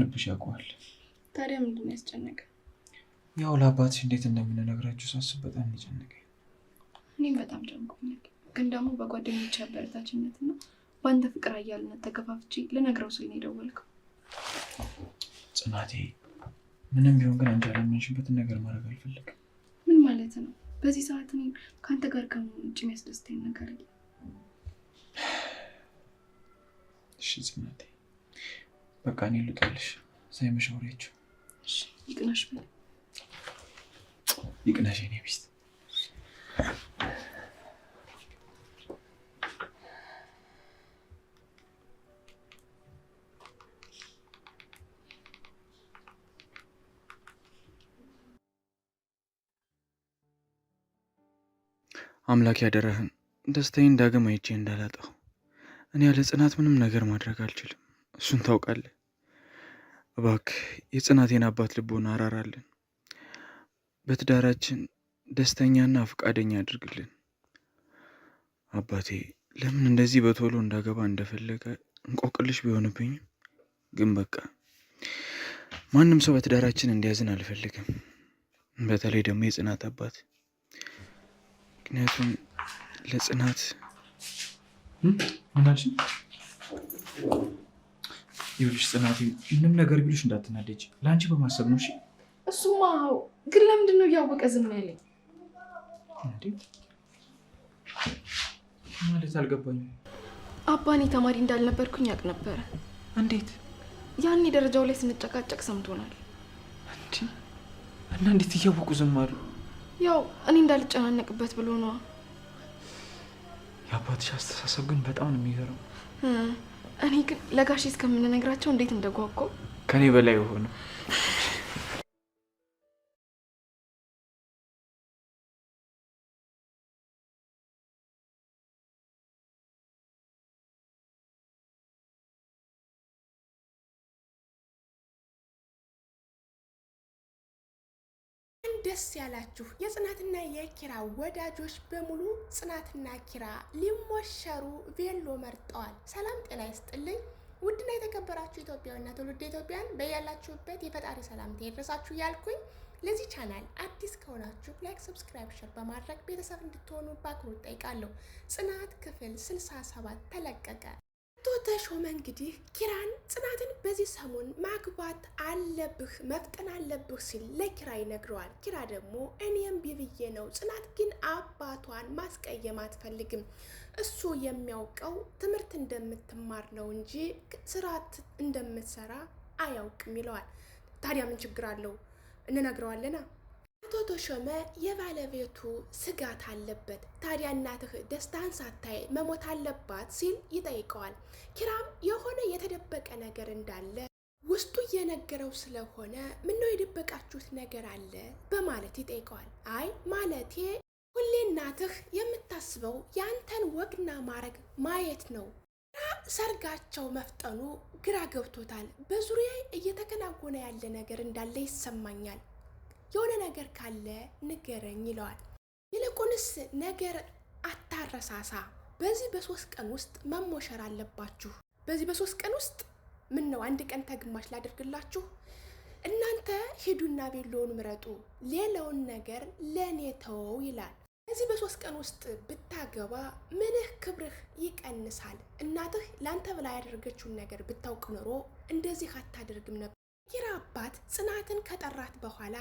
ልብሽ ያውቀዋል። ታዲያ ምንድን ነው ያስጨነቀ? ያው ለአባትሽ እንዴት እንደምንነግራችሁ ሳስብ በጣም እንጨነቀ። እኔም በጣም ጨንቆኛል፣ ግን ደግሞ በጓደኞች አበረታችነት እና በአንተ ፍቅር አያልነት ተገፋፍቼ ልነግረው ስል ነው የደወልከው። ጽናቴ፣ ምንም ቢሆን ግን አንቺ ያላመንሽበትን ነገር ማድረግ አልፈለግም። ምን ማለት ነው? በዚህ ሰዓት እኔ ከአንተ ጋር ከመሆን ውጭ የሚያስደስተኝ ነገር የለም። እሺ ጽናቴ በቃ እኔ ልውጣልሽ፣ ሳይመሻውሬች ይቅናሽ፣ ይቅናሽ የእኔ ሚስት። አምላክ ያደረህን ደስታዬን ዳግም አይቼ እንዳላጣሁ እኔ ያለ ጽናት ምንም ነገር ማድረግ አልችልም። እሱን ታውቃለህ። እባክህ የጽናቴን አባት ልቦን አራራልን፣ በትዳራችን ደስተኛና ፈቃደኛ አድርግልን። አባቴ ለምን እንደዚህ በቶሎ እንዳገባ እንደፈለገ እንቆቅልሽ ቢሆንብኝም ግን በቃ ማንም ሰው በትዳራችን እንዲያዝን አልፈልግም። በተለይ ደግሞ የጽናት አባት። ምክንያቱም ለጽናት ይኸውልሽ ጽናቴ፣ ምንም ነገር ቢሉሽ እንዳትናደጅ፣ ለአንቺ በማሰብ ነው። እሺ። እሱማ ግን ለምንድን ነው እያወቀ ዝም ያለኝ? ማለት አልገባኝም። አባኔ ተማሪ እንዳልነበርኩኝ ያውቅ ነበረ። እንዴት? ያኔ ደረጃው ላይ ስንጨቃጨቅ ሰምቶናል። እንዲ እና እንዴት እያወቁ ዝም አሉ? ያው እኔ እንዳልጨናነቅበት ብሎ ነዋ። የአባትሽ አስተሳሰብ ግን በጣም ነው የሚገርመው። እኔ ግን ለጋሽ እስከምንነግራቸው እንዴት እንደጓጓው ከኔ በላይ ሆነ። ደስ ያላችሁ የጽናትና የኪራ ወዳጆች በሙሉ ጽናትና ኪራ ሊሞሸሩ ቬሎ መርጠዋል። ሰላም ጤና ይስጥልኝ። ውድና የተከበራችሁ ኢትዮጵያውያንና ትውልድ ኢትዮጵያን በያላችሁበት የፈጣሪ ሰላምታ ይድረሳችሁ እያልኩኝ ለዚህ ቻናል አዲስ ከሆናችሁ ላይክ፣ ሰብስክራይብ፣ ሸር በማድረግ ቤተሰብ እንድትሆኑ በአክብሮት ጠይቃለሁ። ጽናት ክፍል 67 ተለቀቀ። አቶ ተሾመ እንግዲህ ኪራን ጽናትን በዚህ ሰሞን ማግባት አለብህ መፍጠን አለብህ ሲል ለኪራ ይነግረዋል። ኪራ ደግሞ እኔም ቢብዬ ነው፣ ጽናት ግን አባቷን ማስቀየም አትፈልግም። እሱ የሚያውቀው ትምህርት እንደምትማር ነው እንጂ ስራት እንደምትሰራ አያውቅም ይለዋል። ታዲያ ምን ችግር አለው? እንነግረዋለና አቶ ተሾመ የባለቤቱ ስጋት አለበት። ታዲያ እናትህ ደስታን ሳታይ መሞት አለባት ሲል ይጠይቀዋል። ኪራም የሆነ የተደበቀ ነገር እንዳለ ውስጡ እየነገረው ስለሆነ ምነው የደበቃችሁት ነገር አለ በማለት ይጠይቀዋል። አይ ማለቴ ሁሌ እናትህ የምታስበው የአንተን ወግና ማረግ ማየት ነው። ሰርጋቸው መፍጠኑ ግራ ገብቶታል። በዙሪያ እየተከናወነ ያለ ነገር እንዳለ ይሰማኛል የሆነ ነገር ካለ ንገረኝ ይለዋል። ይልቁንስ ነገር አታረሳሳ፣ በዚህ በሶስት ቀን ውስጥ መሞሸር አለባችሁ። በዚህ በሶስት ቀን ውስጥ ምን ነው አንድ ቀን ተግማሽ ላደርግላችሁ። እናንተ ሂዱና ቤሎውን ምረጡ፣ ሌላውን ነገር ለእኔ ተወው ይላል። በዚህ በሶስት ቀን ውስጥ ብታገባ ምንህ ክብርህ ይቀንሳል። እናትህ ለአንተ ብላ ያደረገችውን ነገር ብታውቅ ኖሮ እንደዚህ አታደርግም ነበር። ኪራ አባት ጽናትን ከጠራት በኋላ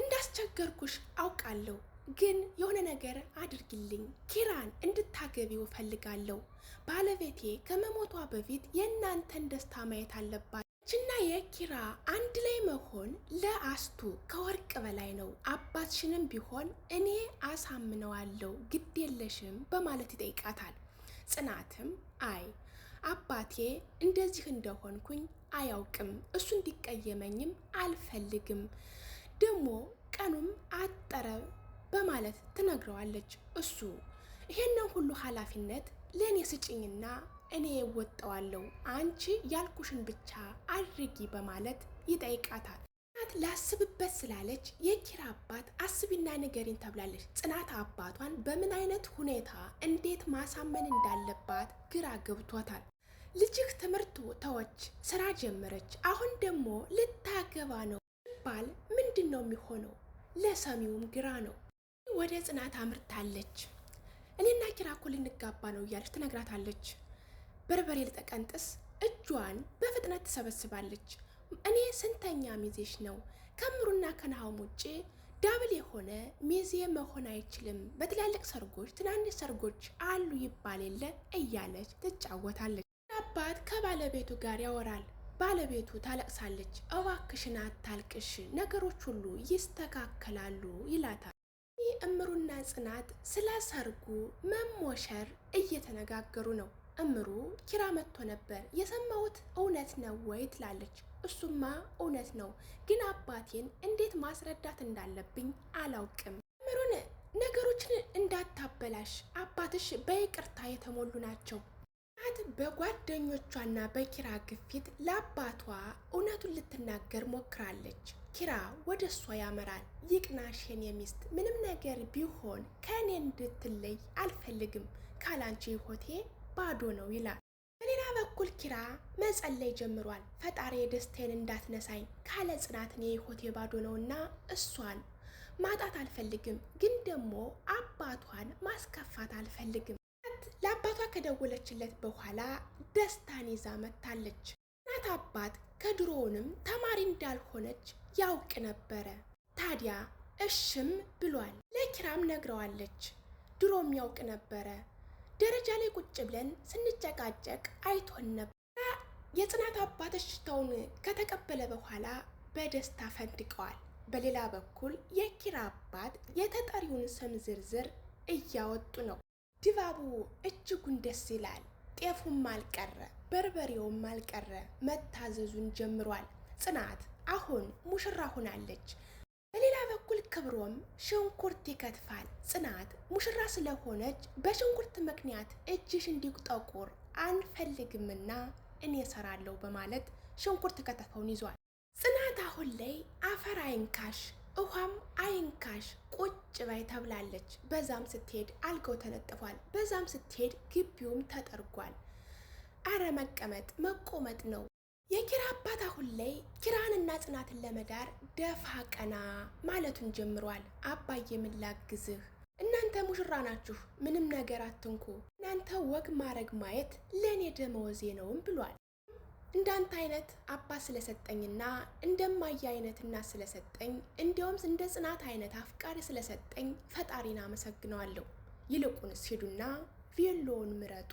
እንዳስቸገርኩሽ አውቃለሁ፣ ግን የሆነ ነገር አድርግልኝ ኪራን እንድታገቢው እፈልጋለሁ። ባለቤቴ ከመሞቷ በፊት የእናንተን ደስታ ማየት አለባት። ችና የኪራ አንድ ላይ መሆን ለአስቱ ከወርቅ በላይ ነው። አባትሽንም ቢሆን እኔ አሳምነዋለሁ፣ ግድ የለሽም በማለት ይጠይቃታል። ጽናትም አይ አባቴ እንደዚህ እንደሆንኩኝ አያውቅም፣ እሱ እንዲቀየመኝም አልፈልግም ደግሞ ቀኑም አጠረ በማለት ትነግረዋለች። እሱ ይሄንን ሁሉ ኃላፊነት ለእኔ ስጭኝና እኔ እወጣዋለሁ፣ አንቺ ያልኩሽን ብቻ አድርጊ በማለት ይጠይቃታል። ጽናት ላስብበት ስላለች የኪራ አባት አስቢና ንገሪን ተብላለች። ጽናት አባቷን በምን አይነት ሁኔታ እንዴት ማሳመን እንዳለባት ግራ ገብቶታል። ልጅህ ትምህርቱ ተወች፣ ስራ ጀመረች፣ አሁን ደግሞ ልታገባ ነው ሲባል ምንድን ነው የሚሆነው? ለሰሚውም ግራ ነው። ወደ ጽናት አምርታለች። እኔና ኪራ እኮ ልንጋባ ነው እያለች ትነግራታለች። በርበሬ ልጠቀንጥስ እጇን በፍጥነት ትሰበስባለች። እኔ ስንተኛ ሚዜሽ ነው? ከምሩና ከነሐውም ውጭ ዳብል የሆነ ሚዜ መሆን አይችልም። በትላልቅ ሰርጎች፣ ትናንሽ ሰርጎች አሉ ይባል የለ እያለች ትጫወታለች። አባት ከባለቤቱ ጋር ያወራል። ባለቤቱ ታለቅሳለች። እባክሽን አታልቅሽ፣ ነገሮች ሁሉ ይስተካከላሉ ይላታል። ይህ እምሩና ጽናት ስለ ሰርጉ መሞሸር እየተነጋገሩ ነው። እምሩ ኪራ መጥቶ ነበር፣ የሰማሁት እውነት ነው ወይ ትላለች። እሱማ እውነት ነው፣ ግን አባቴን እንዴት ማስረዳት እንዳለብኝ አላውቅም። እምሩን ነገሮችን እንዳታበላሽ፣ አባትሽ በይቅርታ የተሞሉ ናቸው በጓደኞቿና በኪራ ግፊት ለአባቷ እውነቱን ልትናገር ሞክራለች። ኪራ ወደ እሷ ያመራል። ይቅናሽ የኔ ሚስት፣ ምንም ነገር ቢሆን ከእኔ እንድትለይ አልፈልግም፣ ካላንቺ ሕይወቴ ባዶ ነው ይላል። በሌላ በኩል ኪራ መጸለይ ጀምሯል። ፈጣሪ የደስታዬን እንዳትነሳኝ፣ ካለ ጽናት እኔ ሕይወቴ ባዶ ነውና እሷን ማጣት አልፈልግም፣ ግን ደግሞ አባቷን ማስከፋት አልፈልግም። አባቷ ከደወለችለት በኋላ ደስታን ይዛ መጥታለች። እናት አባት ከድሮውንም ተማሪ እንዳልሆነች ያውቅ ነበረ። ታዲያ እሽም ብሏል። ለኪራም ነግረዋለች። ድሮም ያውቅ ነበረ። ደረጃ ላይ ቁጭ ብለን ስንጨቃጨቅ አይቶን ነበር። የጽናት አባት እሽታውን ከተቀበለ በኋላ በደስታ ፈንድቀዋል። በሌላ በኩል የኪራ አባት የተጠሪውን ስም ዝርዝር እያወጡ ነው። ድባቡ እጅጉን ደስ ይላል። ጤፉም አልቀረ፣ በርበሬውም አልቀረ መታዘዙን ጀምሯል። ጽናት አሁን ሙሽራ ሆናለች። በሌላ በኩል ክብሮም ሽንኩርት ይከትፋል። ጽናት ሙሽራ ስለሆነች በሽንኩርት ምክንያት እጅሽ እንዲጠቁር አንፈልግምና እኔ እሰራለሁ በማለት ሽንኩርት ከተፈውን ይዟል። ጽናት አሁን ላይ አፈር አይንካሽ ውሃም አይንካሽ ቁጭ ባይ ተብላለች። በዛም ስትሄድ አልጋው ተነጥፏል። በዛም ስትሄድ ግቢውም ተጠርጓል። አረ መቀመጥ መቆመጥ ነው። የኪራ አባት አሁን ላይ ኪራንና ጽናትን ለመዳር ደፋ ቀና ማለቱን ጀምሯል። አባዬ ምን ላግዝህ? እናንተ ሙሽራ ናችሁ፣ ምንም ነገር አትንኩ። እናንተ ወግ ማረግ ማየት ለእኔ ደመወዜ ነውም ብሏል። እንዳንተ አይነት አባት ስለሰጠኝና እንደማየ አይነት እናት ስለሰጠኝ እንዲያውም እንደ ጽናት አይነት አፍቃሪ ስለሰጠኝ ፈጣሪን አመሰግነዋለሁ። ይልቁንስ ሂዱና ቬሎውን ምረጡ።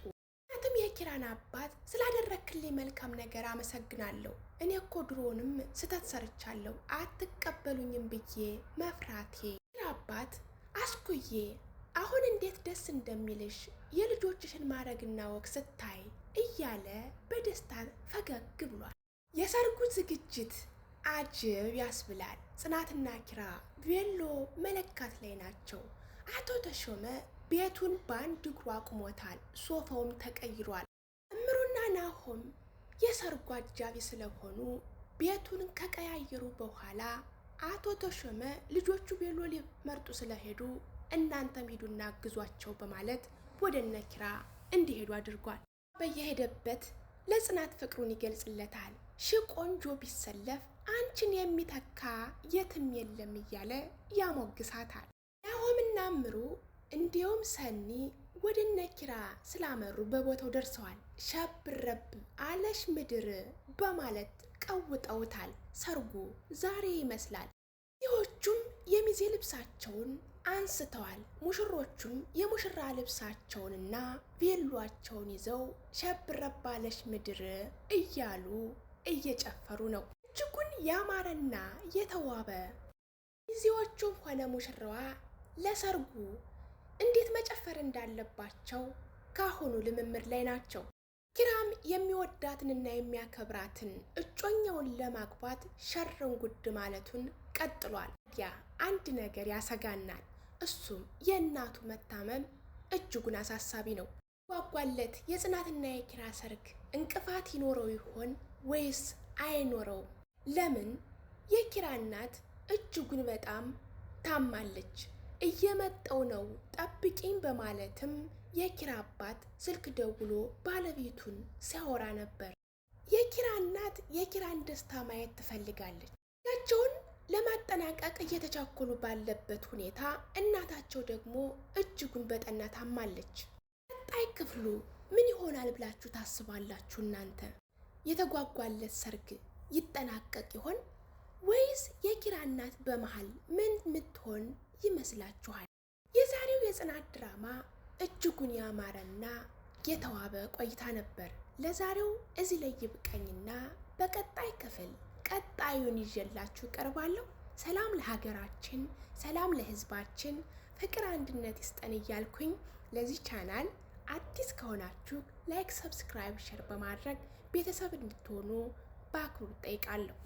እናትም የኪራን አባት ስላደረክልኝ መልካም ነገር አመሰግናለሁ። እኔ እኮ ድሮንም ስህተት ሰርቻለሁ፣ አትቀበሉኝም ብዬ መፍራቴ። ኪራ አባት አስኩዬ፣ አሁን እንዴት ደስ እንደሚልሽ የልጆችሽን ማድረግና ወግ ስታይ እያለ በደስታ ፈገግ ብሏል። የሰርጉ ዝግጅት አጅብ ያስብላል። ጽናትና ኪራ ቬሎ መለካት ላይ ናቸው። አቶ ተሾመ ቤቱን በአንድ እግሩ አቁሞታል። ሶፋውም ተቀይሯል። እምሩና ናሆም የሰርጉ አጃቢ ስለሆኑ ቤቱን ከቀያየሩ በኋላ አቶ ተሾመ ልጆቹ ቬሎ ሊመርጡ ስለሄዱ እናንተም ሂዱና ግዟቸው በማለት ወደ እነ ኪራ እንዲሄዱ አድርጓል። በየሄደበት ለጽናት ፍቅሩን ይገልጽለታል። ሺ ቆንጆ ቢሰለፍ አንቺን የሚተካ የትም የለም እያለ ያሞግሳታል። ናሆምና ምሩ እንዲሁም ሰኒ ወደ ነኪራ ስላመሩ በቦታው ደርሰዋል። ሸብረብ አለሽ ምድር በማለት ቀውጠውታል። ሰርጉ ዛሬ ይመስላል። ይሆቹም የሚዜ ልብሳቸውን አንስተዋል። ሙሽሮቹም የሙሽራ ልብሳቸውንና ቬሏቸውን ይዘው ሸብረባለሽ ምድር እያሉ እየጨፈሩ ነው። እጅጉን ያማረና የተዋበ ሚዜዎቹም ሆነ ሙሽራዋ ለሰርጉ እንዴት መጨፈር እንዳለባቸው ካሁኑ ልምምድ ላይ ናቸው። ኪራም የሚወዳትንና የሚያከብራትን እጮኛውን ለማግባት ሸርን ጉድ ማለቱን ቀጥሏል። ያ አንድ ነገር ያሰጋናል። እሱም የእናቱ መታመም እጅጉን አሳሳቢ ነው። ጓጓለት የጽናትና የኪራ ሰርግ እንቅፋት ይኖረው ይሆን ወይስ አይኖረውም? ለምን የኪራ እናት እጅጉን በጣም ታማለች። እየመጣው ነው ጠብቂኝ በማለትም የኪራ አባት ስልክ ደውሎ ባለቤቱን ሲያወራ ነበር። የኪራ እናት የኪራን ደስታ ማየት ትፈልጋለች። ያቸውን ለማጠናቀቅ እየተቻኮሉ ባለበት ሁኔታ እናታቸው ደግሞ እጅጉን በጠና ታማለች። ቀጣይ ክፍሉ ምን ይሆናል ብላችሁ ታስባላችሁ እናንተ? የተጓጓለት ሰርግ ይጠናቀቅ ይሆን ወይስ የኪራ እናት በመሃል ምን ምትሆን ይመስላችኋል? የዛሬው የጽናት ድራማ እጅጉን ያማረና የተዋበ ቆይታ ነበር። ለዛሬው እዚህ ላይ ይብቀኝና በቀጣይ ክፍል ቀጣዩን ይዤላችሁ ቀርባለሁ። ሰላም ለሀገራችን፣ ሰላም ለህዝባችን ፍቅር አንድነት ይስጠን እያልኩኝ ለዚህ ቻናል አዲስ ከሆናችሁ ላይክ፣ ሰብስክራይብ፣ ሸር በማድረግ ቤተሰብ እንድትሆኑ በአክብሮት ጠይቃለሁ።